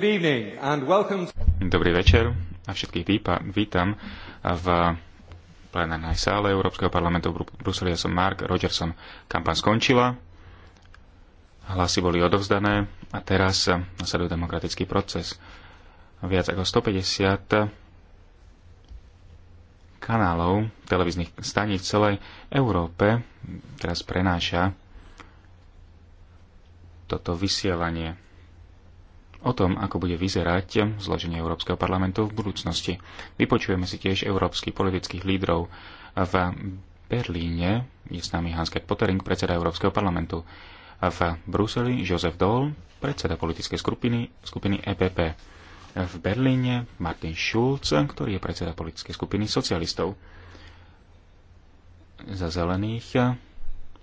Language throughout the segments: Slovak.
Dobrý večer a všetkých výpa, vítam v plenárnej sále Európskeho parlamentu v Bruseli. Ja som Mark Rogerson. Kampaň skončila, hlasy boli odovzdané a teraz nasleduje demokratický proces. Viac ako 150 kanálov televíznych staníc v celej Európe teraz prenáša toto vysielanie o tom, ako bude vyzerať zloženie Európskeho parlamentu v budúcnosti. Vypočujeme si tiež európskych politických lídrov v Berlíne. Je s nami Hans-Gerd Pottering, predseda Európskeho parlamentu. V Bruseli Josef Dohl, predseda politickej skupiny, skupiny EPP. V Berlíne Martin Schulz, ktorý je predseda politickej skupiny socialistov. Za zelených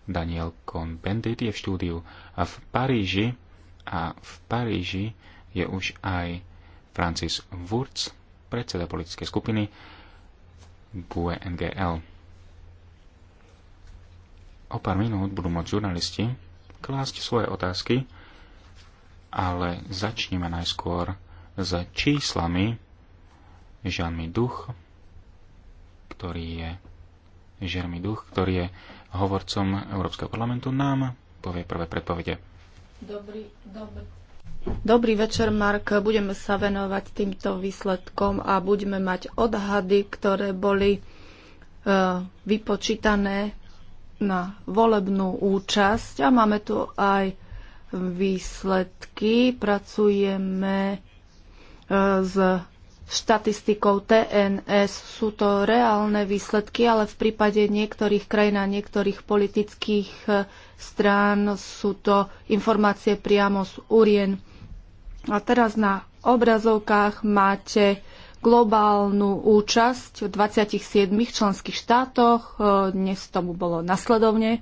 Daniel Kohn-Bendit je v štúdiu a v Paríži a v Paríži je už aj Francis Wurz, predseda politickej skupiny GUE NGL. O pár minút budú môcť žurnalisti klásť svoje otázky, ale začneme najskôr s číslami Žalmi Duch, ktorý je Žermi Duch, ktorý je hovorcom Európskeho parlamentu, nám povie prvé predpovede. Dobrý, dobrý. Dobrý večer, Mark. Budeme sa venovať týmto výsledkom a budeme mať odhady, ktoré boli e, vypočítané na volebnú účasť a máme tu aj výsledky. Pracujeme e, s štatistikou TNS. Sú to reálne výsledky, ale v prípade niektorých krajín a niektorých politických e, strán sú to informácie priamo z urien. A teraz na obrazovkách máte globálnu účasť v 27 členských štátoch. E, dnes tomu bolo nasledovne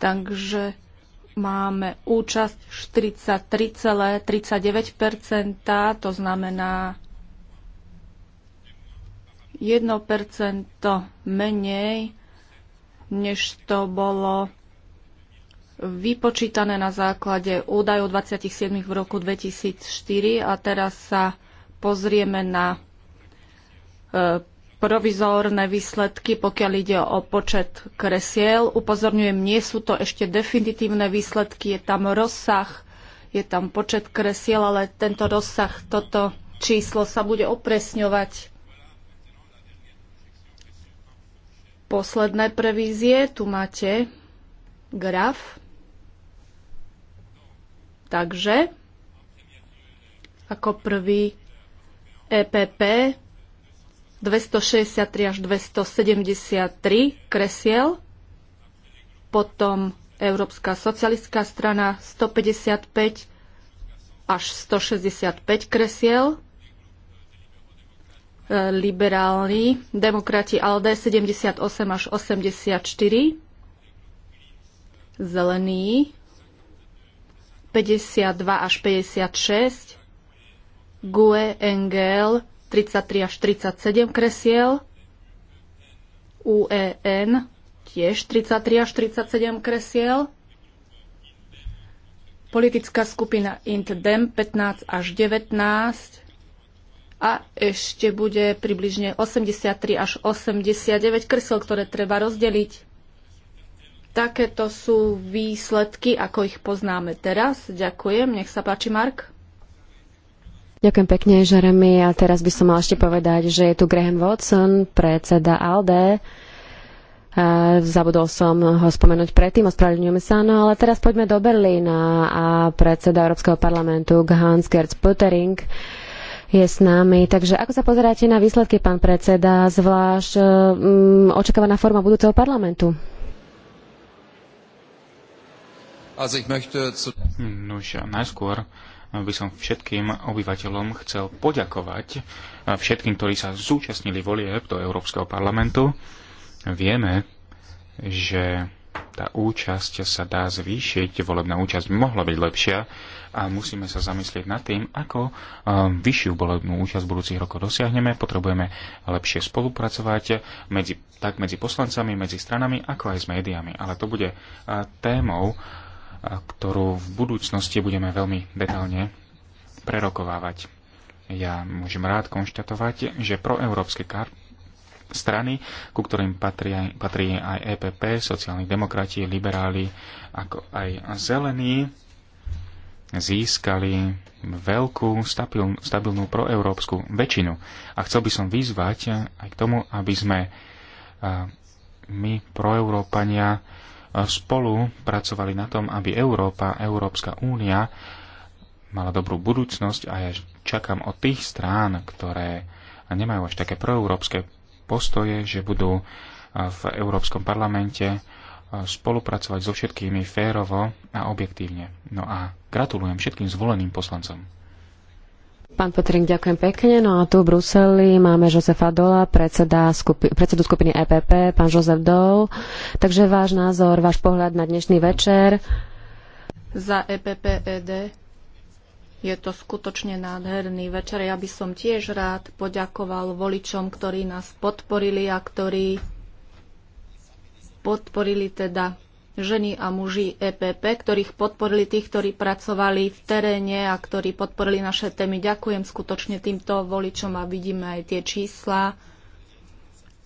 Takže máme účasť 43,39%, to znamená 1% menej, než to bolo vypočítané na základe údajov 27 v roku 2004 a teraz sa pozrieme na e, provizórne výsledky, pokiaľ ide o počet kresiel. Upozorňujem, nie sú to ešte definitívne výsledky, je tam rozsah, je tam počet kresiel, ale tento rozsah, toto číslo sa bude opresňovať. Posledné prevízie, tu máte graf. Takže, ako prvý EPP 263 až 273 kresiel, potom Európska socialistická strana 155 až 165 kresiel, e, liberálni, demokrati ALDE 78 až 84, zelení 52 až 56, GUE, NGL 33 až 37 kresiel, UEN tiež 33 až 37 kresiel, politická skupina INTDEM 15 až 19 a ešte bude približne 83 až 89 kresiel, ktoré treba rozdeliť. Takéto sú výsledky, ako ich poznáme teraz. Ďakujem. Nech sa páči, Mark. Ďakujem pekne, Jeremy. A teraz by som mal ešte povedať, že je tu Graham Watson, predseda ALDE. Zabudol som ho spomenúť predtým, ospravedlňujeme sa, no ale teraz poďme do Berlína a predseda Európskeho parlamentu Hans-Gerd Puttering je s nami. Takže ako sa pozeráte na výsledky, pán predseda, zvlášť um, očakávaná forma budúceho parlamentu? Nož, najskôr by som všetkým obyvateľom chcel poďakovať, všetkým, ktorí sa zúčastnili volieb do Európskeho parlamentu. Vieme, že tá účasť sa dá zvýšiť, volebná účasť mohla byť lepšia a musíme sa zamyslieť nad tým, ako vyššiu volebnú účasť v budúcich rokoch dosiahneme. Potrebujeme lepšie spolupracovať medzi, tak medzi poslancami, medzi stranami, ako aj s médiami. Ale to bude témou ktorú v budúcnosti budeme veľmi detálne prerokovávať. Ja môžem rád konštatovať, že proeurópske strany, ku ktorým patrí, aj, patrí aj EPP, sociálni demokrati, liberáli, ako aj zelení, získali veľkú stabil, stabilnú proeurópsku väčšinu. A chcel by som vyzvať aj k tomu, aby sme my, proeurópania, spolu pracovali na tom, aby Európa, Európska únia mala dobrú budúcnosť a ja čakám od tých strán, ktoré nemajú až také proeurópske postoje, že budú v Európskom parlamente spolupracovať so všetkými férovo a objektívne. No a gratulujem všetkým zvoleným poslancom. Pán Petrin, ďakujem pekne. No a tu v Bruseli máme Josefa Dola, predseda skupi- predsedu skupiny EPP, pán Jozef Dol. Takže váš názor, váš pohľad na dnešný večer? Za EPP ED je to skutočne nádherný večer. Ja by som tiež rád poďakoval voličom, ktorí nás podporili a ktorí podporili teda ženy a muži EPP, ktorých podporili tých, ktorí pracovali v teréne a ktorí podporili naše témy. Ďakujem skutočne týmto voličom a vidíme aj tie čísla.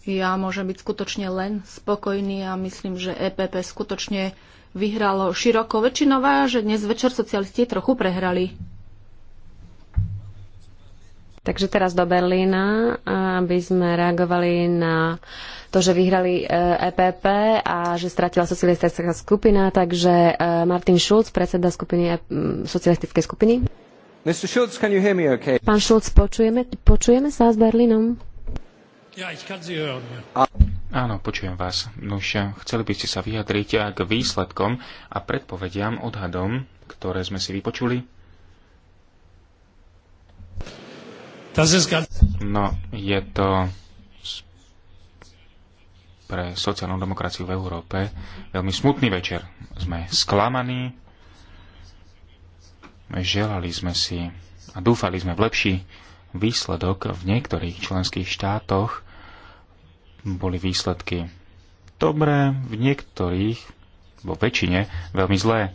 Ja môžem byť skutočne len spokojný a myslím, že EPP skutočne vyhralo široko väčšinová, že dnes večer socialisti trochu prehrali. Takže teraz do Berlína, aby sme reagovali na to, že vyhrali EPP e a že stratila socialistická skupina. Takže e, Martin Schulz, predseda skupiny, e socialistickej skupiny. Mr. Schulz, can you hear me okay? Pán Schulz, počujeme, počujeme sa s Berlínom? Ja, ich kann Sie hören. Ja. Áno, počujem vás. Nuž, chceli by ste sa vyjadriť k výsledkom a predpovediam, odhadom, ktoré sme si vypočuli? No, je to pre sociálnu demokraciu v Európe veľmi smutný večer. Sme sklamaní, želali sme si a dúfali sme v lepší výsledok. V niektorých členských štátoch boli výsledky dobré, v niektorých, vo väčšine, veľmi zlé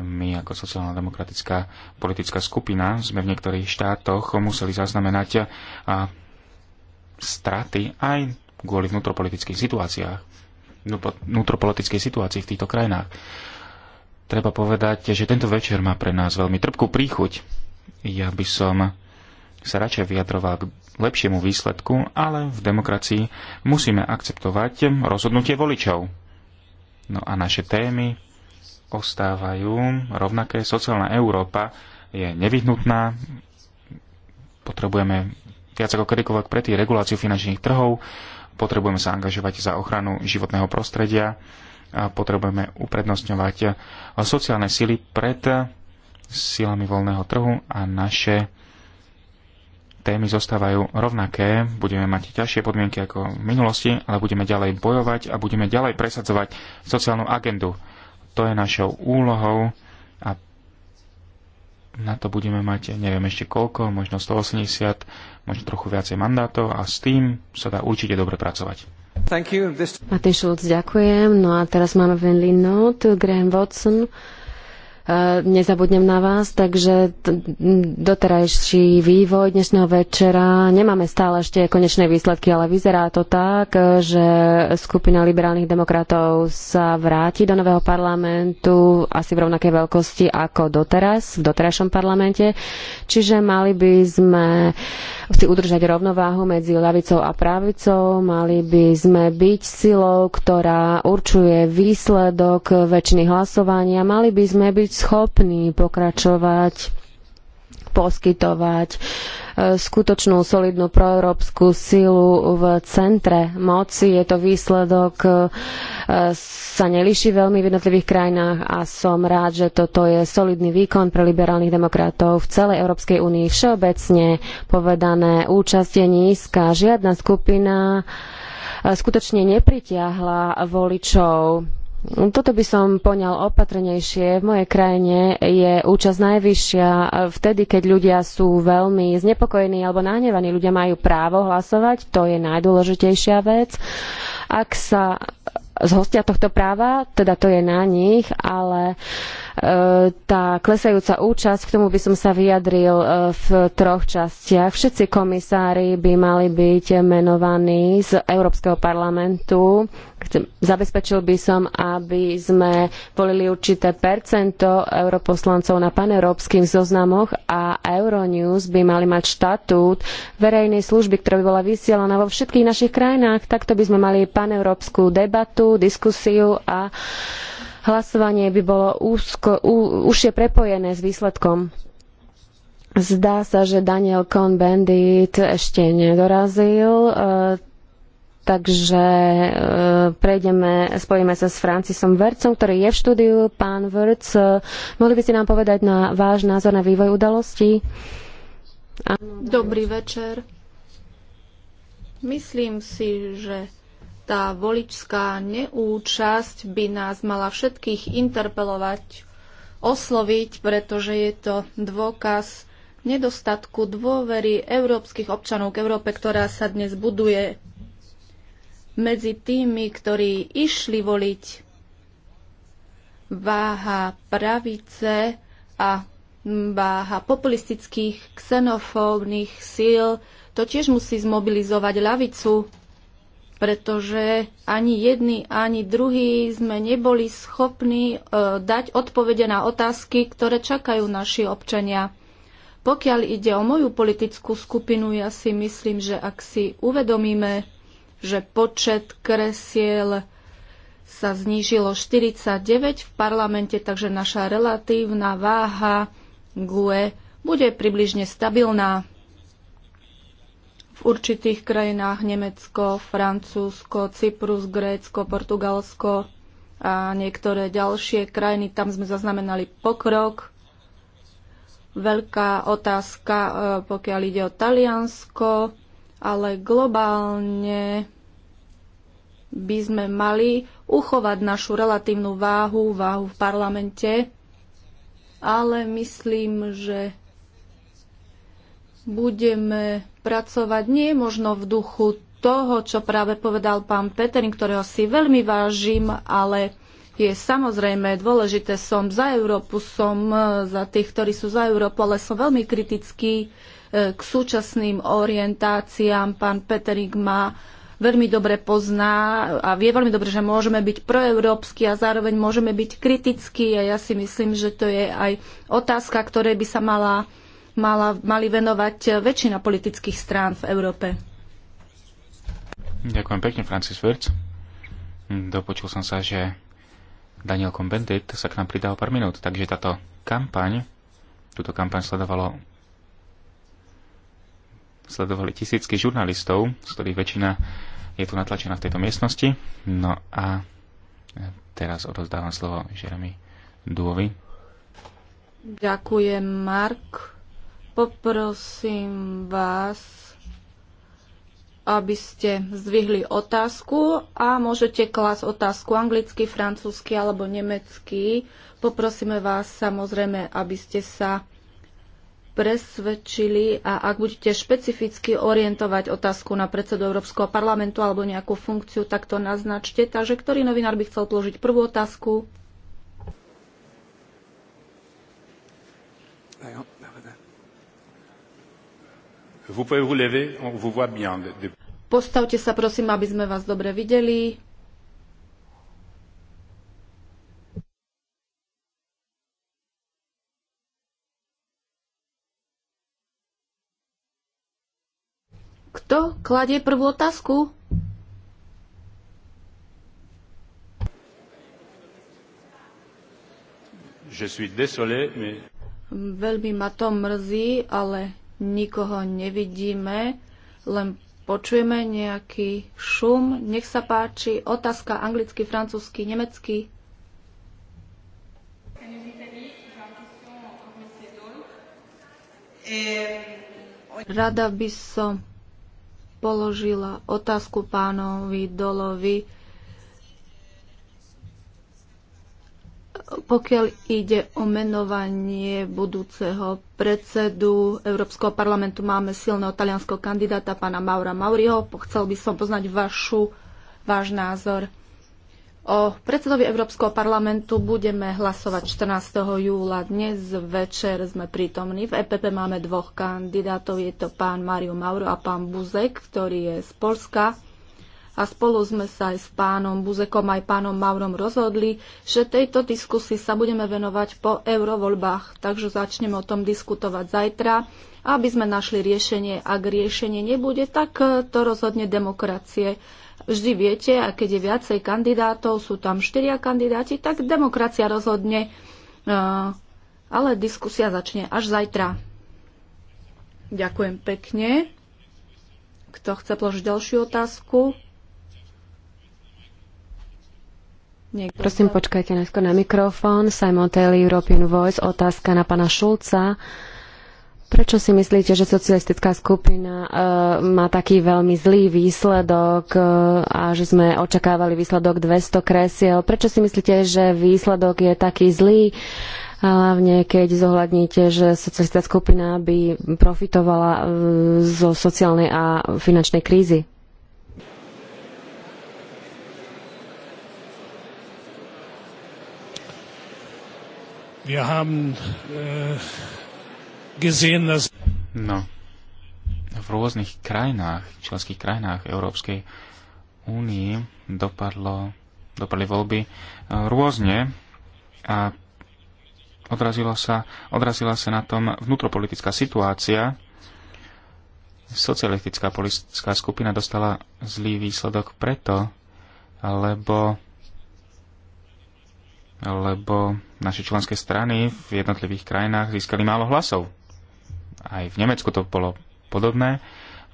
my ako sociálna demokratická politická skupina sme v niektorých štátoch museli zaznamenať a straty aj kvôli vnútropolitických situáciách, vnútropolitickej situácii v týchto krajinách. Treba povedať, že tento večer má pre nás veľmi trpkú príchuť. Ja by som sa radšej vyjadroval k lepšiemu výsledku, ale v demokracii musíme akceptovať rozhodnutie voličov. No a naše témy ostávajú rovnaké. Sociálna Európa je nevyhnutná. Potrebujeme viac ako kedykoľvek predtým reguláciu finančných trhov, potrebujeme sa angažovať za ochranu životného prostredia, a potrebujeme uprednostňovať sociálne sily pred silami voľného trhu a naše témy zostávajú rovnaké. Budeme mať ťažšie podmienky ako v minulosti, ale budeme ďalej bojovať a budeme ďalej presadzovať sociálnu agendu to je našou úlohou a na to budeme mať, neviem ešte koľko, možno 180, možno trochu viacej mandátov a s tým sa dá určite dobre pracovať. This... Martin Schulz, ďakujem. No a teraz máme Van Graham Watson. E, nezabudnem na vás, takže doterajší vývoj dnešného večera nemáme stále ešte konečné výsledky, ale vyzerá to tak, e, že skupina liberálnych demokratov sa vráti do nového parlamentu asi v rovnakej veľkosti ako doteraz, v doterajšom parlamente. Čiže mali by sme si udržať rovnováhu medzi ľavicou a pravicou, mali by sme byť silou, ktorá určuje výsledok väčšiny hlasovania, mali by sme byť schopní pokračovať poskytovať e, skutočnú solidnú proeurópsku silu v centre moci. Je to výsledok, e, sa nelíši veľmi v jednotlivých krajinách a som rád, že toto je solidný výkon pre liberálnych demokratov v celej Európskej únii. Všeobecne povedané, účasť je nízka. Žiadna skupina e, skutočne nepritiahla voličov toto by som poňal opatrnejšie. V mojej krajine je účasť najvyššia vtedy, keď ľudia sú veľmi znepokojení alebo nahnevaní. Ľudia majú právo hlasovať, to je najdôležitejšia vec. Ak sa zhostia tohto práva, teda to je na nich, ale uh, E, tá klesajúca účasť, k tomu by som sa vyjadril e, v troch častiach. Všetci komisári by mali byť menovaní z Európskeho parlamentu. Zabezpečil by som, aby sme volili určité percento europoslancov na paneurópskych zoznamoch a Euronews by mali mať štatút verejnej služby, ktorá by bola vysielaná vo všetkých našich krajinách. Takto by sme mali paneurópsku debatu, diskusiu a hlasovanie by bolo úzko, ú, užšie prepojené s výsledkom. Zdá sa, že Daniel Cohn-Bendit ešte nedorazil, e, takže e, prejdeme, spojíme sa s Francisom Vercom, ktorý je v štúdiu. Pán Verc, mohli by ste nám povedať na váš názor na vývoj udalostí? Dobrý večer. Myslím si, že tá voličská neúčasť by nás mala všetkých interpelovať, osloviť, pretože je to dôkaz nedostatku dôvery európskych občanov k Európe, ktorá sa dnes buduje medzi tými, ktorí išli voliť váha pravice a váha populistických, xenofóbnych síl. To tiež musí zmobilizovať ľavicu pretože ani jedni, ani druhí sme neboli schopní e, dať odpovede na otázky, ktoré čakajú naši občania. Pokiaľ ide o moju politickú skupinu, ja si myslím, že ak si uvedomíme, že počet kresiel sa znížilo 49 v parlamente, takže naša relatívna váha GUE bude približne stabilná v určitých krajinách Nemecko, Francúzsko, Cyprus, Grécko, Portugalsko a niektoré ďalšie krajiny. Tam sme zaznamenali pokrok. Veľká otázka, e, pokiaľ ide o Taliansko, ale globálne by sme mali uchovať našu relatívnu váhu, váhu v parlamente, ale myslím, že budeme pracovať nie je možno v duchu toho, čo práve povedal pán Peterin, ktorého si veľmi vážim, ale je samozrejme dôležité, som za Európu, som e, za tých, ktorí sú za Európu, ale som veľmi kritický e, k súčasným orientáciám. Pán Peterik ma veľmi dobre pozná a vie veľmi dobre, že môžeme byť proeurópsky a zároveň môžeme byť kritickí a ja si myslím, že to je aj otázka, ktorej by sa mala mala, mali venovať väčšina politických strán v Európe. Ďakujem pekne, Francis Wirtz. Dopočul som sa, že Daniel Combendit sa k nám pridal pár minút, takže táto kampaň, túto kampaň sledovalo sledovali tisícky žurnalistov, z ktorých väčšina je tu natlačená v tejto miestnosti. No a teraz odozdávam slovo Jeremy Dôvi. Ďakujem, Mark. Poprosím vás, aby ste zdvihli otázku a môžete klásť otázku anglicky, francúzsky alebo nemecky. Poprosíme vás samozrejme, aby ste sa presvedčili a ak budete špecificky orientovať otázku na predsedu Európskeho parlamentu alebo nejakú funkciu, tak to naznačte. Takže ktorý novinár by chcel položiť prvú otázku? Ja. Vous pouvez vous lever, on vous voit bien. Postavte sa prosím, aby sme vás dobre videli. Kto kladie prvú otázku? Je suis désolé, mais... Veľmi ma to mrzí, ale nikoho nevidíme, len počujeme nejaký šum. Nech sa páči, otázka anglicky, francúzsky, nemecky. Rada by som položila otázku pánovi Dolovi. pokiaľ ide o menovanie budúceho predsedu Európskeho parlamentu, máme silného talianského kandidáta, pána Maura Mauriho. Chcel by som poznať vašu, váš názor. O predsedovi Európskeho parlamentu budeme hlasovať 14. júla. Dnes večer sme prítomní. V EPP máme dvoch kandidátov. Je to pán Mario Mauro a pán Buzek, ktorý je z Polska a spolu sme sa aj s pánom Buzekom, aj pánom Maurom rozhodli, že tejto diskusii sa budeme venovať po eurovoľbách, takže začneme o tom diskutovať zajtra, aby sme našli riešenie. Ak riešenie nebude, tak eh, to rozhodne demokracie. Vždy viete, a keď je viacej kandidátov, sú tam štyria kandidáti, tak demokracia rozhodne. Eh, ale diskusia začne až zajtra. Ďakujem pekne. Kto chce položiť ďalšiu otázku? Niekto Prosím, počkajte najskôr na mikrofón. Simon Telly, European Voice, otázka na pana Šulca. Prečo si myslíte, že socialistická skupina e, má taký veľmi zlý výsledok e, a že sme očakávali výsledok 200 kresiel? Prečo si myslíte, že výsledok je taký zlý? Hlavne keď zohľadníte, že socialistická skupina by profitovala e, zo sociálnej a finančnej krízy. Wir haben äh, gesehen, dass No. V rôznych krajinách, členských krajinách Európskej únii dopadlo, dopadli voľby e, rôzne a odrazilo sa, odrazila sa na tom vnútropolitická situácia. Socialistická politická skupina dostala zlý výsledok preto, lebo lebo naše členské strany v jednotlivých krajinách získali málo hlasov. Aj v Nemecku to bolo podobné.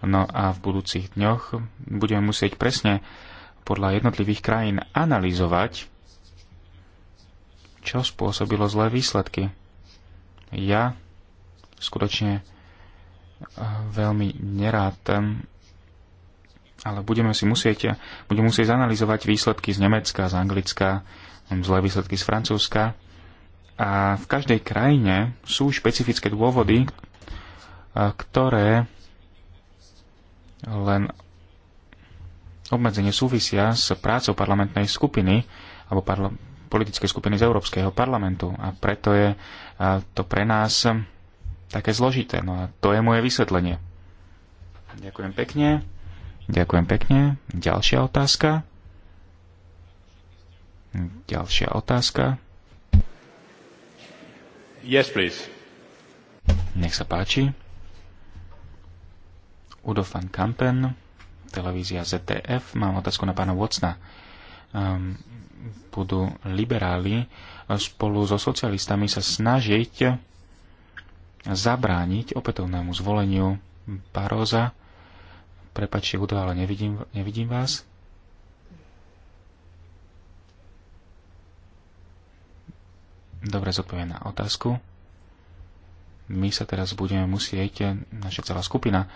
No a v budúcich dňoch budeme musieť presne podľa jednotlivých krajín analyzovať, čo spôsobilo zlé výsledky. Ja skutočne eh, veľmi nerád, ale budeme si musieť, eh, budeme musieť zanalizovať výsledky z Nemecka, z Anglicka, zlé výsledky z Francúzska. A v každej krajine sú špecifické dôvody, e, ktoré len obmedzenie súvisia s prácou parlamentnej skupiny alebo parla- politickej skupiny z Európskeho parlamentu. A preto je e, to pre nás také zložité. No a to je moje vysvetlenie. Ďakujem pekne. Ďakujem pekne. Ďalšia otázka. Ďalšia otázka. Yes, please. Nech sa páči. Udo van Kampen, televízia ZTF. Mám otázku na pána Vocna. Um, ehm, budú liberáli spolu so socialistami sa snažiť zabrániť opätovnému zvoleniu Baroza. Prepačte, Udo, ale nevidím, nevidím vás. dobre zodpovie na otázku. My sa teraz budeme musieť, naša celá skupina,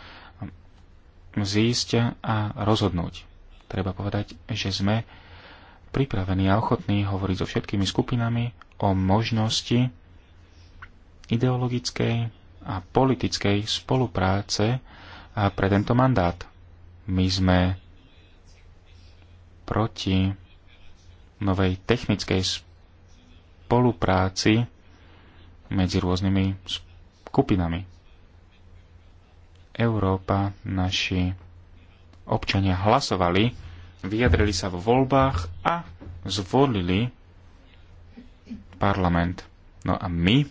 zísť a rozhodnúť. Treba povedať, že sme pripravení a ochotní hovoriť so všetkými skupinami o možnosti ideologickej a politickej spolupráce pre tento mandát. My sme proti novej technickej spolupráci medzi rôznymi skupinami. Európa, naši občania hlasovali, vyjadrili sa vo voľbách a zvolili parlament. No a my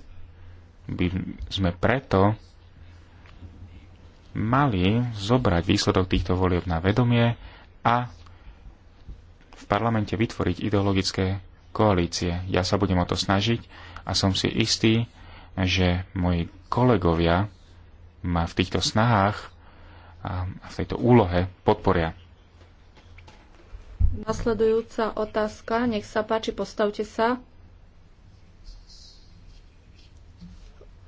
by sme preto mali zobrať výsledok týchto volieb na vedomie a v parlamente vytvoriť ideologické koalície. Ja sa budem o to snažiť a som si istý, že moji kolegovia ma v týchto snahách a v tejto úlohe podporia. Nasledujúca otázka, nech sa páči, postavte sa.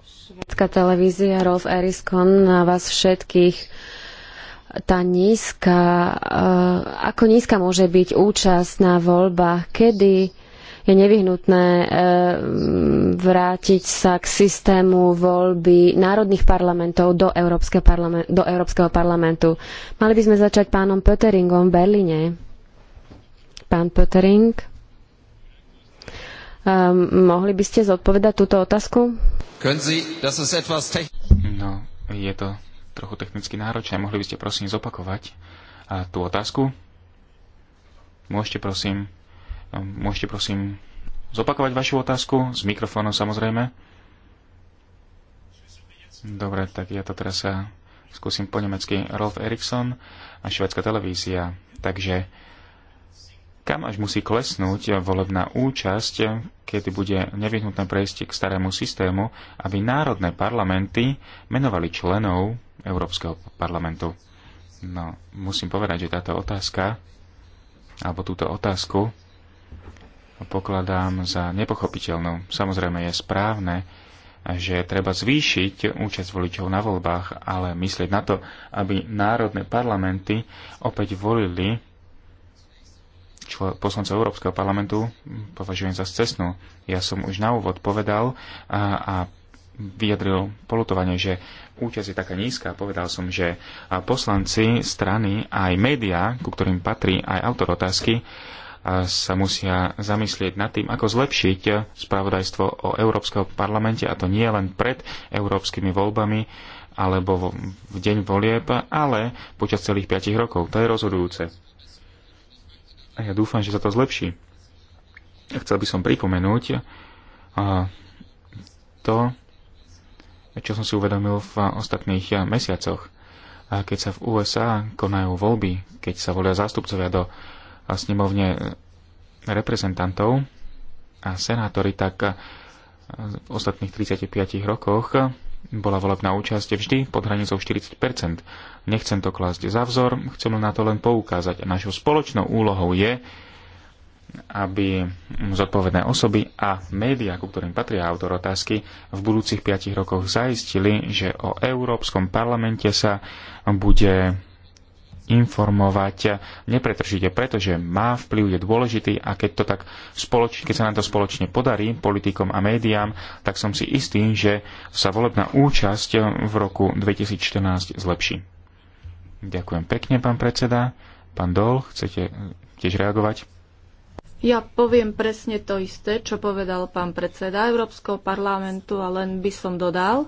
Švedská televízia Rolf Eriskon na vás všetkých tá nízka, e, ako nízka môže byť účasť na voľbách, kedy je nevyhnutné e, vrátiť sa k systému voľby národných parlamentov do, Európske parlament, do Európskeho parlamentu. Mali by sme začať pánom Pöteringom v Berlíne. Pán Pötering, e, mohli by ste zodpovedať túto otázku? No, je to trochu technicky náročné. Mohli by ste prosím zopakovať tú otázku? Môžete prosím Môžete prosím zopakovať vašu otázku s mikrofónom samozrejme. Dobre, tak ja to teraz sa eh, skúsim po nemecky. Rolf Eriksson a švedská televízia. Takže kam až musí klesnúť volebná účasť, kedy bude nevyhnutné prejsť k starému systému, aby národné parlamenty menovali členov Európskeho parlamentu. No, musím povedať, že táto otázka, alebo túto otázku, pokladám za nepochopiteľnú. Samozrejme je správne, že treba zvýšiť účasť voličov na voľbách, ale myslieť na to, aby národné parlamenty opäť volili poslancov Európskeho parlamentu, považujem za cestnú. Ja som už na úvod povedal a, a vyjadril polutovanie, že účasť je taká nízka. Povedal som, že poslanci, strany, aj médiá, ku ktorým patrí aj autor otázky, sa musia zamyslieť nad tým, ako zlepšiť spravodajstvo o Európskeho parlamente, a to nie len pred európskymi voľbami alebo v deň volieb, ale počas celých 5 rokov. To je rozhodujúce. A ja dúfam, že sa to zlepší. Chcel by som pripomenúť to, čo som si uvedomil v ostatných mesiacoch. Keď sa v USA konajú voľby, keď sa volia zástupcovia do a snemovne reprezentantov a senátori, tak v ostatných 35 rokoch bola volebná účasť vždy pod hranicou 40 Nechcem to klásť za vzor, chcem na to len poukázať. A našou spoločnou úlohou je, aby zodpovedné osoby a médiá, ku ktorým patria autor otázky, v budúcich 5 rokoch zaistili, že o Európskom parlamente sa bude informovať nepretržite, pretože má vplyv, je dôležitý a keď, to tak spoločne, keď sa nám to spoločne podarí politikom a médiám, tak som si istý, že sa volebná účasť v roku 2014 zlepší. Ďakujem pekne, pán predseda. Pán Dol, chcete tiež reagovať? Ja poviem presne to isté, čo povedal pán predseda Európskeho parlamentu a len by som dodal.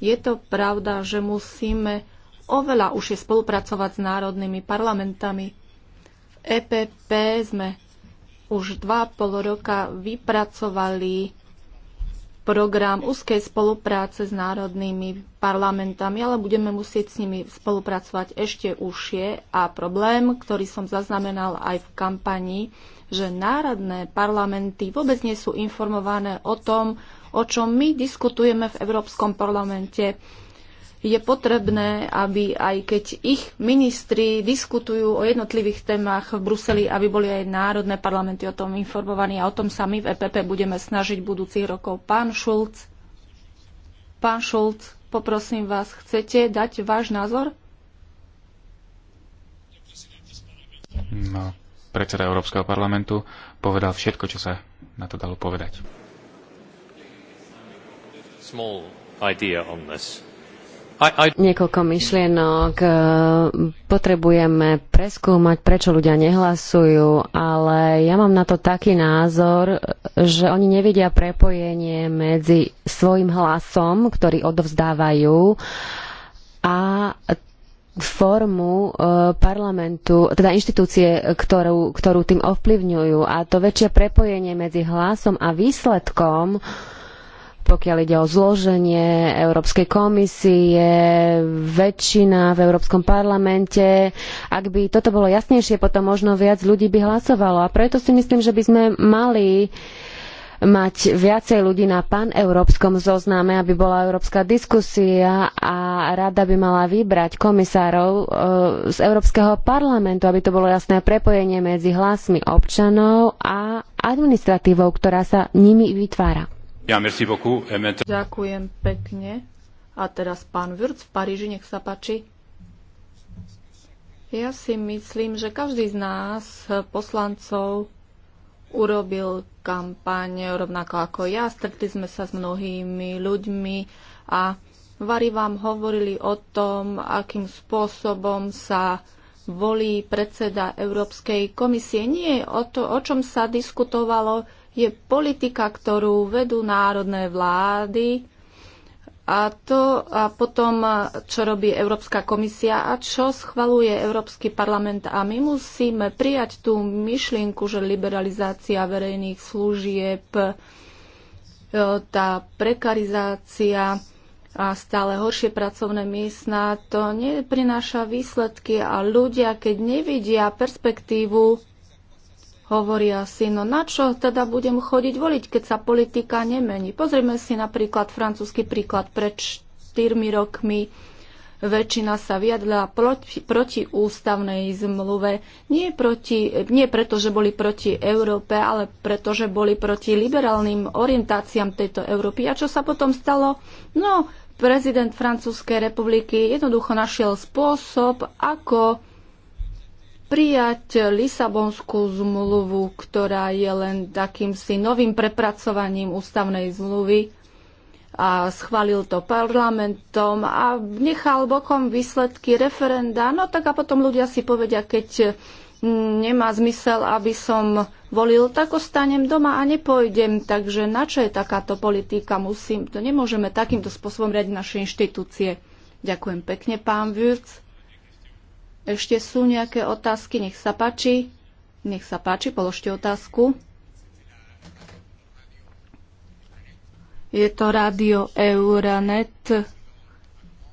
Je to pravda, že musíme oveľa už je spolupracovať s národnými parlamentami. V e EPP sme už dva pol roka vypracovali program úzkej spolupráce s národnými parlamentami, ale budeme musieť s nimi spolupracovať ešte užšie. A problém, ktorý som zaznamenal aj v kampani, že národné parlamenty vôbec nie sú informované o tom, o čom my diskutujeme v Európskom parlamente je potrebné, aby aj keď ich ministri diskutujú o jednotlivých témach v Bruseli, aby boli aj národné parlamenty o tom informovaní a o tom sa my v EPP budeme snažiť budúcich rokov. Pán Šulc, pán Šulc, poprosím vás, chcete dať váš názor? No, predseda Európskeho parlamentu povedal všetko, čo sa na to dalo povedať. Small idea on this. Niekoľko myšlienok. E, potrebujeme preskúmať, prečo ľudia nehlasujú, ale ja mám na to taký názor, že oni nevidia prepojenie medzi svojim hlasom, ktorý odovzdávajú, a formu e, parlamentu, teda inštitúcie, ktorú, ktorú tým ovplyvňujú. A to väčšie prepojenie medzi hlasom a výsledkom pokiaľ ide o zloženie Európskej komisie, väčšina v Európskom parlamente. Ak by toto bolo jasnejšie, potom možno viac ľudí by hlasovalo. A preto si myslím, že by sme mali mať viacej ľudí na paneurópskom zozname, aby bola európska diskusia a rada by mala vybrať komisárov e, z Európskeho parlamentu, aby to bolo jasné prepojenie medzi hlasmi občanov a administratívou, ktorá sa nimi vytvára. Ja, merci beaucoup. Ďakujem pekne. A teraz pán Würc v Paríži, nech sa páči. Ja si myslím, že každý z nás poslancov urobil kampaň rovnako ako ja. Stretli sme sa s mnohými ľuďmi a Vary vám hovorili o tom, akým spôsobom sa volí predseda Európskej komisie. Nie o to, o čom sa diskutovalo je politika, ktorú vedú národné vlády a to a potom, čo robí Európska komisia a čo schvaluje Európsky parlament. A my musíme prijať tú myšlienku, že liberalizácia verejných služieb, e, tá prekarizácia a stále horšie pracovné miestna, to neprináša výsledky a ľudia, keď nevidia perspektívu hovoria si, no na čo teda budem chodiť voliť, keď sa politika nemení. Pozrime si napríklad francúzsky príklad pred štyrmi rokmi väčšina sa vyjadla proti, proti ústavnej zmluve, nie, proti, nie preto, že boli proti Európe, ale preto, že boli proti liberálnym orientáciám tejto Európy. A čo sa potom stalo? No, prezident Francúzskej republiky jednoducho našiel spôsob, ako prijať Lisabonskú zmluvu, ktorá je len takýmsi novým prepracovaním ústavnej zmluvy a schválil to parlamentom a nechal bokom výsledky referenda. No tak a potom ľudia si povedia, keď mm, nemá zmysel, aby som volil, tak ostanem doma a nepôjdem. Takže na čo je takáto politika? Musím, to nemôžeme takýmto spôsobom riadiť naše inštitúcie. Ďakujem pekne, pán Würc. Ešte sú nejaké otázky? Nech sa páči. Nech sa páči, položte otázku. Je to rádio Euronet.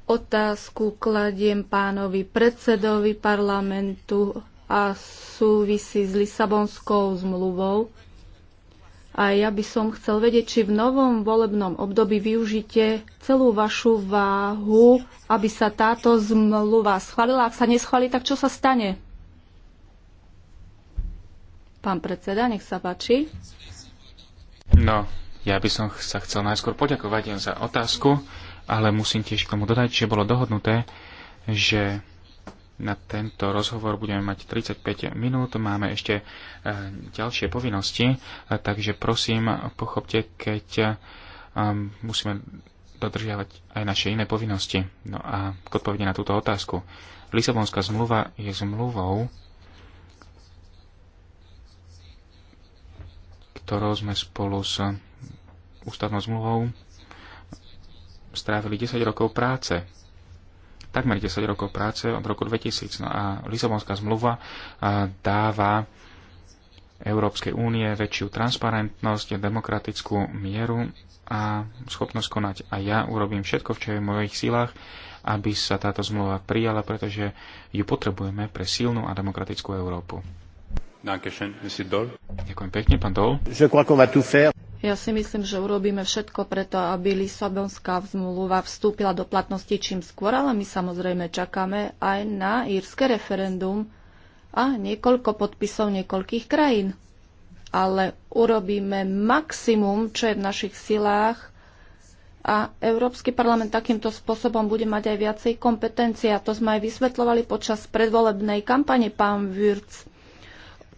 Otázku kladiem pánovi predsedovi parlamentu a súvisí s Lisabonskou zmluvou. A ja by som chcel vedieť, či v novom volebnom období využite celú vašu váhu, aby sa táto zmluva schválila. Ak sa neschválí, tak čo sa stane? Pán predseda, nech sa páči. No, ja by som sa chcel najskôr poďakovať za otázku, ale musím tiež k tomu dodať, že bolo dohodnuté, že na tento rozhovor budeme mať 35 minút, máme ešte e, ďalšie povinnosti, e, takže prosím, pochopte, keď e, musíme dodržiavať aj naše iné povinnosti. No a k odpovedi na túto otázku. Lisabonská zmluva je zmluvou, ktorou sme spolu s ústavnou zmluvou strávili 10 rokov práce takmer 10 rokov práce od roku 2000. No a Lisabonská zmluva dáva Európskej únie väčšiu transparentnosť, demokratickú mieru a schopnosť konať. A ja urobím všetko, čo je v mojich silách, aby sa táto zmluva prijala, pretože ju potrebujeme pre silnú a demokratickú Európu. Ďakujem pekne, pán Dol. Ja si myslím, že urobíme všetko preto, aby Lisabonská zmluva vstúpila do platnosti čím skôr, ale my samozrejme čakáme aj na írske referendum a niekoľko podpisov niekoľkých krajín. Ale urobíme maximum, čo je v našich silách a Európsky parlament takýmto spôsobom bude mať aj viacej kompetencie. A to sme aj vysvetlovali počas predvolebnej kampane, pán Würz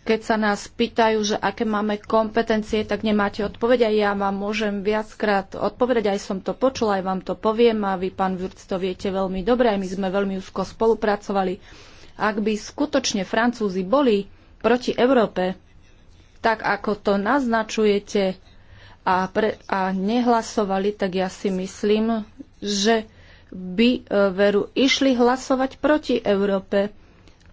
keď sa nás pýtajú, že aké máme kompetencie, tak nemáte odpoveď. aj ja vám môžem viackrát odpovedať, aj som to počul, aj vám to poviem a vy, pán Würc, to viete veľmi dobre, aj my sme veľmi úzko spolupracovali. Ak by skutočne Francúzi boli proti Európe, tak ako to naznačujete a, pre, a nehlasovali, tak ja si myslím, že by e, veru išli hlasovať proti Európe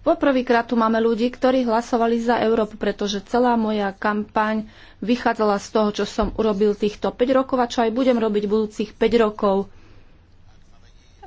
Poprvýkrát tu máme ľudí, ktorí hlasovali za Európu, pretože celá moja kampaň vychádzala z toho, čo som urobil týchto 5 rokov a čo aj budem robiť budúcich 5 rokov.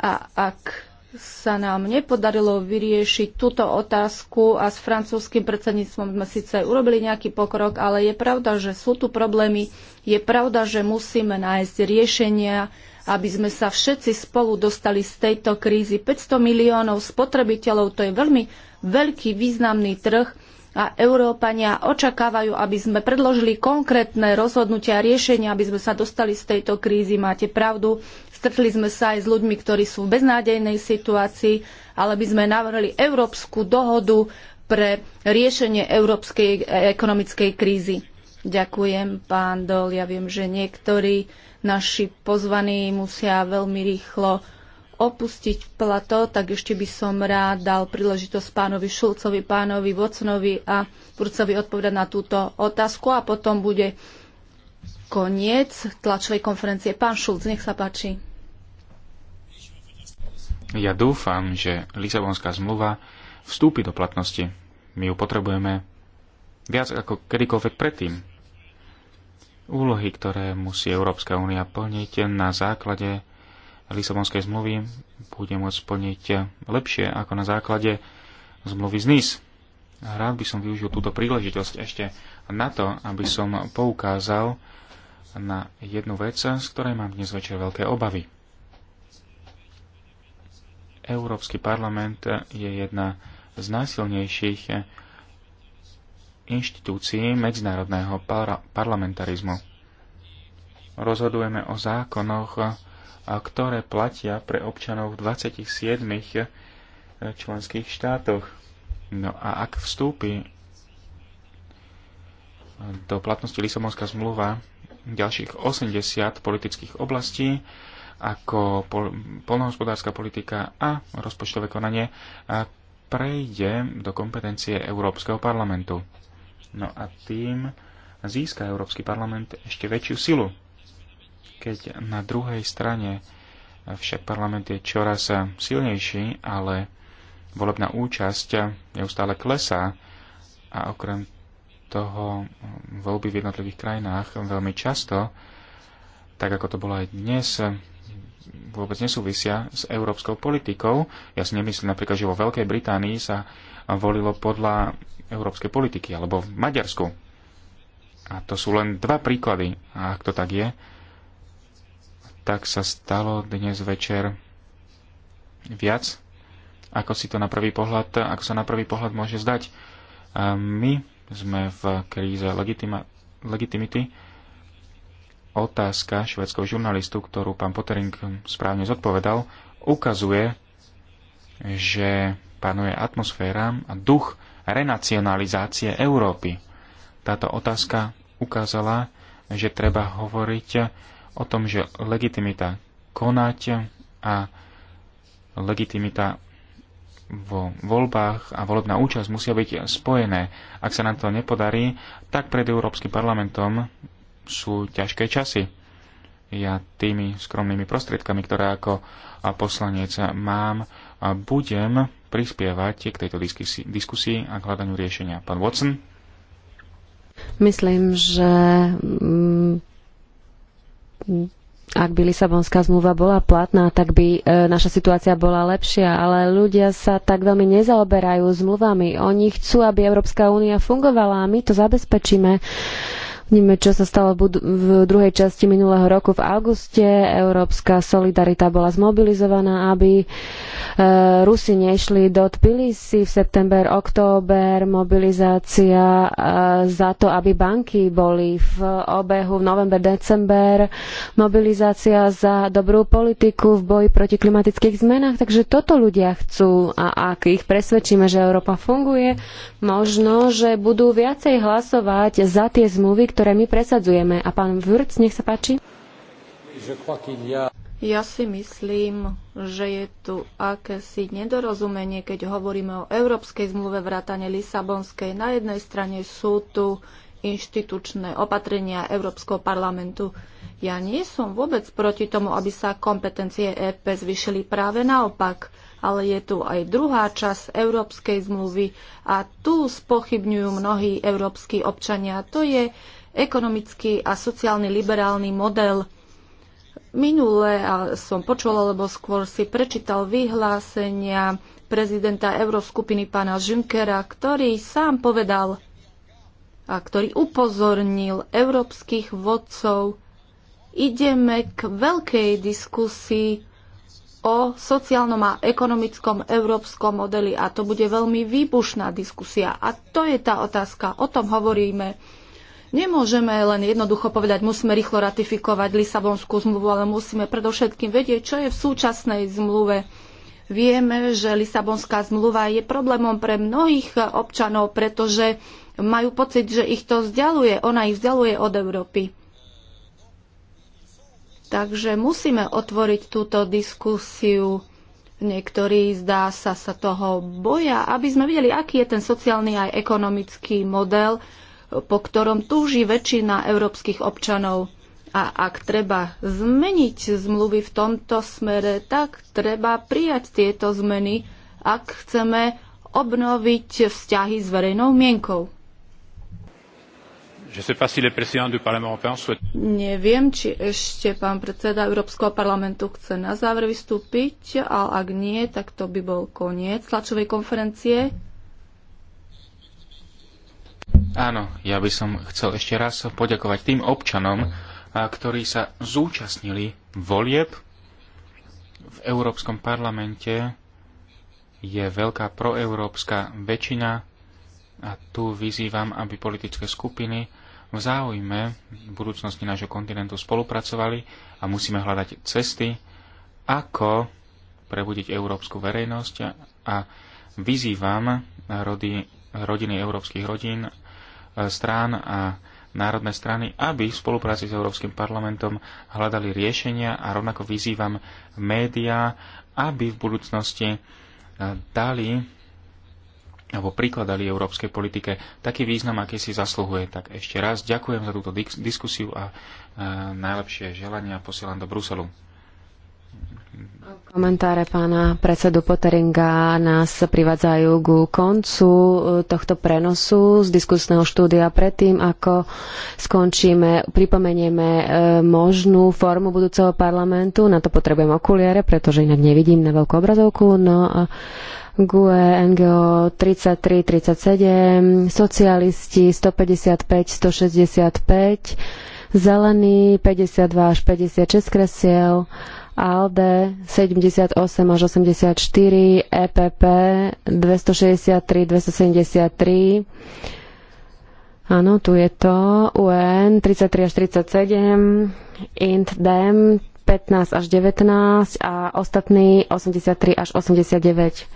A ak sa nám nepodarilo vyriešiť túto otázku a s francúzským predsedníctvom sme síce urobili nejaký pokrok, ale je pravda, že sú tu problémy, je pravda, že musíme nájsť riešenia, aby sme sa všetci spolu dostali z tejto krízy. 500 miliónov spotrebiteľov, to je veľmi veľký významný trh a Európania očakávajú, aby sme predložili konkrétne rozhodnutia a riešenia, aby sme sa dostali z tejto krízy. Máte pravdu, stretli sme sa aj s ľuďmi, ktorí sú v beznádejnej situácii, ale by sme navrhli európsku dohodu pre riešenie európskej ekonomickej krízy. Ďakujem, pán Dol. Ja viem, že niektorí naši pozvaní musia veľmi rýchlo opustiť plato, tak ešte by som rád dal príležitosť pánovi Šulcovi, pánovi Vocnovi a Kurcovi odpovedať na túto otázku a potom bude koniec tlačovej konferencie. Pán Šulc, nech sa páči. Ja dúfam, že Lisabonská zmluva vstúpi do platnosti. My ju potrebujeme viac ako kedykoľvek predtým úlohy, ktoré musí Európska únia plniť na základe Lisabonskej zmluvy, bude môcť plniť lepšie ako na základe zmluvy z NIS. Rád by som využil túto príležitosť ešte na to, aby som poukázal na jednu vec, z ktorej mám dnes večer veľké obavy. Európsky parlament je jedna z najsilnejších inštitúcii medzinárodného par- parlamentarizmu. Rozhodujeme o zákonoch, ktoré platia pre občanov v 27 e, členských štátoch. No a ak vstúpi do platnosti Lisabonská zmluva ďalších 80 politických oblastí, ako pol- polnohospodárska politika a rozpočtové konanie, a prejde do kompetencie Európskeho parlamentu. No a tým získa Európsky parlament ešte väčšiu silu. Keď na druhej strane však parlament je čoraz silnejší, ale volebná účasť neustále klesá a okrem toho voľby v jednotlivých krajinách veľmi často, tak ako to bolo aj dnes, vôbec nesúvisia s európskou politikou. Ja si nemyslím napríklad, že vo Veľkej Británii sa volilo podľa európskej politiky, alebo v Maďarsku. A to sú len dva príklady. A ak to tak je, tak sa stalo dnes večer viac, ako si to na prvý pohľad, ako sa na prvý pohľad môže zdať. A my sme v kríze legitima, legitimity, otázka švedského žurnalistu, ktorú pán Pottering správne zodpovedal, ukazuje, že panuje atmosféra a duch renacionalizácie Európy. Táto otázka ukázala, že treba hovoriť o tom, že legitimita konať a legitimita vo voľbách a volebná účasť musia byť spojené. Ak sa nám to nepodarí, tak pred Európskym parlamentom sú ťažké časy. Ja tými skromnými prostriedkami, ktoré ako poslanec mám, budem prispievať k tejto diskusii, a k hľadaniu riešenia. Pán Watson? Myslím, že mm, ak by Lisabonská zmluva bola platná, tak by e, naša situácia bola lepšia, ale ľudia sa tak veľmi nezaoberajú zmluvami. Oni chcú, aby Európska únia fungovala a my to zabezpečíme. E, Vidíme, čo sa stalo v druhej časti minulého roku v auguste. Európska solidarita bola zmobilizovaná, aby e, Rusi nešli do Tbilisi v september, október, mobilizácia e, za to, aby banky boli v obehu v november, december, mobilizácia za dobrú politiku v boji proti klimatických zmenách. Takže toto ľudia chcú a ak ich presvedčíme, že Európa funguje, možno, že budú viacej hlasovať za tie zmluvy, ktoré ktoré my presadzujeme. A pán Vrc, nech sa páči. Ja si myslím, že je tu akési nedorozumenie, keď hovoríme o Európskej zmluve vrátane Lisabonskej. Na jednej strane sú tu inštitučné opatrenia Európskeho parlamentu. Ja nie som vôbec proti tomu, aby sa kompetencie EP zvyšili práve naopak, ale je tu aj druhá časť Európskej zmluvy a tu spochybňujú mnohí európsky občania. To je ekonomický a sociálny liberálny model. Minule a som počul, alebo skôr si prečítal vyhlásenia prezidenta Euroskupiny pána Junckera, ktorý sám povedal a ktorý upozornil európskych vodcov, ideme k veľkej diskusii o sociálnom a ekonomickom európskom modeli a to bude veľmi výbušná diskusia. A to je tá otázka, o tom hovoríme Nemôžeme len jednoducho povedať, musíme rýchlo ratifikovať Lisabonskú zmluvu, ale musíme predovšetkým vedieť, čo je v súčasnej zmluve. Vieme, že Lisabonská zmluva je problémom pre mnohých občanov, pretože majú pocit, že ich to vzdialuje. Ona ich vzdialuje od Európy. Takže musíme otvoriť túto diskusiu. Niektorí zdá sa sa toho boja, aby sme videli, aký je ten sociálny aj ekonomický model po ktorom túži väčšina európskych občanov. A ak treba zmeniť zmluvy v tomto smere, tak treba prijať tieto zmeny, ak chceme obnoviť vzťahy s verejnou mienkou. Neviem, či ešte pán predseda Európskeho parlamentu chce na záver vystúpiť, ale ak nie, tak to by bol koniec tlačovej konferencie. Áno, ja by som chcel ešte raz poďakovať tým občanom, ktorí sa zúčastnili volieb v Európskom parlamente. Je veľká proeurópska väčšina a tu vyzývam, aby politické skupiny v záujme v budúcnosti nášho kontinentu spolupracovali a musíme hľadať cesty, ako prebudiť európsku verejnosť a vyzývam rody, rodiny európskych rodín, strán a národné strany, aby v spolupráci s Európskym parlamentom hľadali riešenia a rovnako vyzývam médiá, aby v budúcnosti e, dali alebo prikladali európskej politike taký význam, aký si zasluhuje. Tak ešte raz ďakujem za túto diskusiu a e, najlepšie želania posielam do Bruselu. Komentáre pána predsedu Poteringa nás privádzajú ku koncu e, tohto prenosu z diskusného štúdia. Predtým, ako skončíme, pripomenieme e, možnú formu budúceho parlamentu. Na to potrebujem okuliare, pretože inak nevidím na veľkú obrazovku. No a GUE, NGO 33, 37, socialisti 155, 165, zelení 52 až 56 kresiel, ALDE 78 až 84, EPP 263, 273, áno, tu je to, UN 33 až 37, INT DEM 15 až 19 a ostatní 83 až 89.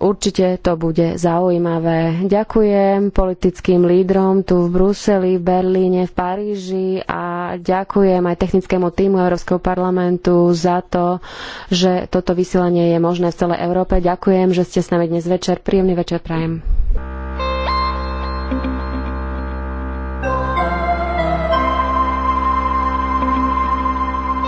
Určite to bude zaujímavé. Ďakujem politickým lídrom tu v Bruseli, v Berlíne, v Paríži a a ďakujem aj technickému týmu Európskeho parlamentu za to, že toto vysielanie je možné v celej Európe. Ďakujem, že ste s nami dnes večer. Príjemný večer prajem.